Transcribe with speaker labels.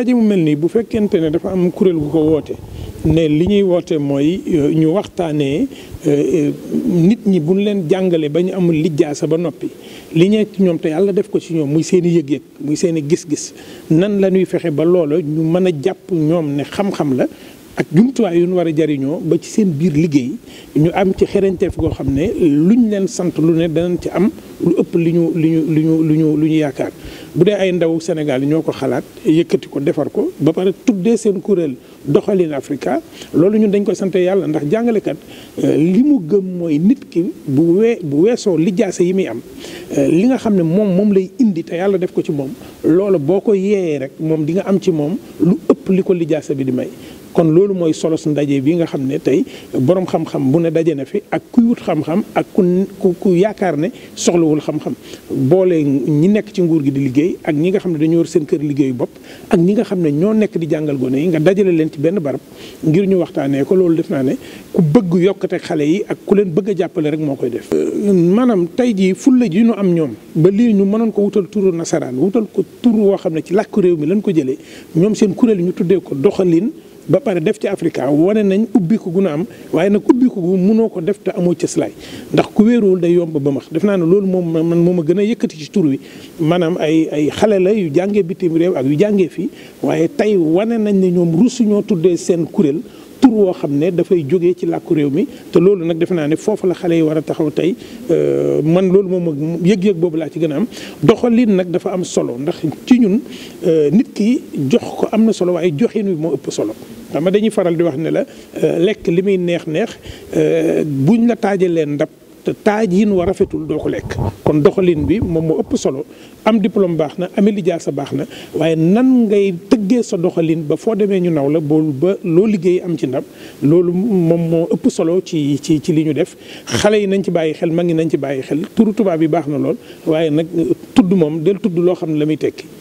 Speaker 1: ndaje mu mel nii bu fekkente ne dafa am kuréel gu ko woote ne li ñuy woote mooy euh, ñu waxtaanee euh, nit ñi buñ leen jàngalee ba ñu amul lijjaasa ba noppi li ñee ci ñoom te yàlla def ko ci ñoom muy seeni i yëg-yëg muy seen i gis-gis nan la ñuy fexe ba loola ñu mën a jàpp ñoom ne xam-xam la ak jumtuwaay yu ñu war a jariñoo ba ci seen biir liggéey ñu am ci xereñteef goo xam ne luñ leen sant lu ne danañ ci am lu ëpp lu ñu lu ñu lu ñu lu ñu lu ñu yaakaar bu dee ay ndaw Sénégal ñoo ko xalaat yëkkati ko defar ko ba pare tuddee seen kuréel doxalin Africa loolu ñun dañ koy sante yàlla ndax jàngalekat euh, li mu gëm mooy nit ki bu wee bu weesoo lijaase yi muy am euh, li nga xam ne moom moom lay indi te yàlla def ko ci moom loolu boo ko yeeyee rek moom di nga am ci moom lu ëpp li ko lijaase bi di may kon loolu mooy solo su ndaje bi nga xam ne tey borom xam-xam bu ne daje na fi ak kuy wut xam-xam ak ku ku yaakaar ne soxlawul xam-xam boole ñi nekk ci nguur gi di liggéey ak ñi nga xam ne dañu war seen kër liggéeyu bopp ak ñi nga xam ne ñoo nekk di jàngal gone yi nga dajale leen ci benn barab ngir ñu waxtaanee ko loolu def naa ne ku bëgg yokkate xale yi ak ku leen bëgg jàppale rek moo koy def. Euh, maanaam tey jii fulla ji ñu am ñoom ba lii ñu mënoon ko wutal turu nasaraan wutal ko turu woo xam ne ci làkk réew mi lañ ko jëlee ñoom seen kuréel ñu tuddee ko doxalin ba pare def ci Africa wane nañ ubbi ko gu nu am waaye nag ubbi ko gu munoo ko def te amoo cëslaay ndax ku wéeruwul day yomb ba max def naa ne loolu moom man moom a gën a yëkkati ci tur wi maanaam ay ay xale la yu jàngee bitim réew ak yu jàngee fii waaye tey wane nañ ne ñoom rusu ñoo tuddee seen kuréel pour woo xam ne dafay jóge ci làkku réew mi te loolu nag defe naa ne foofu la xale yi war a taxaw tey euh, man loolu moom yëg-yëg boobu laa ci gën a am doxalin nag dafa am solo ndax ci ñun euh, nit ki jox ko am na solo waaye joxin wi moo ëpp solo xam nga dañuy faral di wax ne la euh, lekk li muy neex neex buñ la leen ndab te taajiin wa rafetul doo ko lekk kon doxalin bi moom moo ëpp solo am diplôme baax na amee lijaasa sa baax na waaye nan ngay tëggee sa doxalin ba foo demee ñu naw la bool ba loo liggéey am ci ndam loolu moom moo ëpp solo ci ci ci li ñu def xale yi nañ ci bàyyi xel mag yi nañ ci bàyyi xel turu tubaab yi baax na lool waaye nag tudd moom del tudd loo xam ne la muy tekki